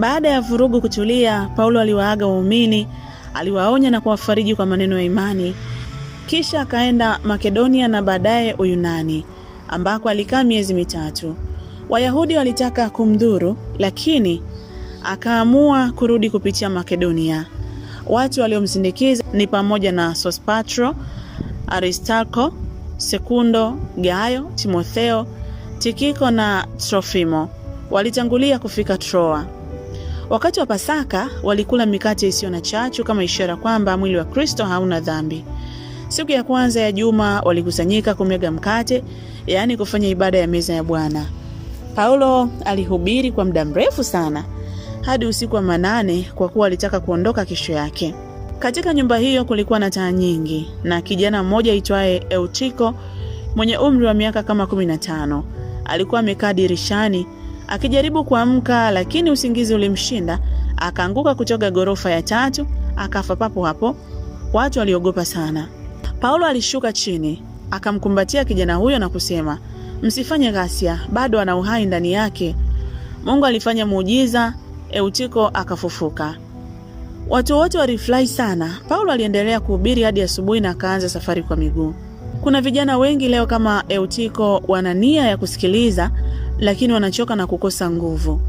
Baada ya vurugu kutulia, Paulo aliwaaga waumini, aliwaonya na kuwafariji kwa maneno ya imani. Kisha akaenda Makedonia na baadaye Uyunani ambako alikaa miezi mitatu. Wayahudi walitaka kumdhuru, lakini akaamua kurudi kupitia Makedonia. Watu waliomsindikiza ni pamoja na Sospatro, Aristarko, Sekundo, Gayo, Timotheo, Tikiko na Trofimo. Walitangulia kufika Troa. Wakati wa Pasaka walikula mikate isiyo na chachu kama ishara kwamba mwili wa Kristo hauna dhambi. Siku ya kwanza ya juma walikusanyika kumega mkate, yaani kufanya ibada ya meza ya Bwana. Paulo alihubiri kwa muda mrefu sana hadi usiku wa manane, kwa kuwa alitaka kuondoka kesho yake. Katika nyumba hiyo kulikuwa na taa nyingi, na kijana mmoja aitwaye Eutiko mwenye umri wa miaka kama 15 alikuwa amekaa dirishani Akijaribu kuamka lakini usingizi ulimshinda, akaanguka kutoka ghorofa ya tatu akafa papo hapo. Watu waliogopa sana. Paulo alishuka chini akamkumbatia kijana huyo na kusema, msifanye ghasia, bado ana uhai ndani yake. Mungu alifanya muujiza, Eutiko akafufuka. Watu wote walifurahi sana. Paulo aliendelea kuhubiri hadi asubuhi na akaanza safari kwa miguu. Kuna vijana wengi leo kama Eutiko wana nia ya kusikiliza lakini wanachoka na kukosa nguvu.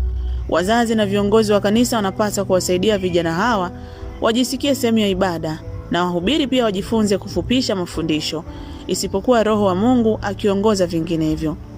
Wazazi na viongozi wa kanisa wanapaswa kuwasaidia vijana hawa wajisikie sehemu ya ibada, na wahubiri pia wajifunze kufupisha mafundisho, isipokuwa Roho wa Mungu akiongoza vinginevyo.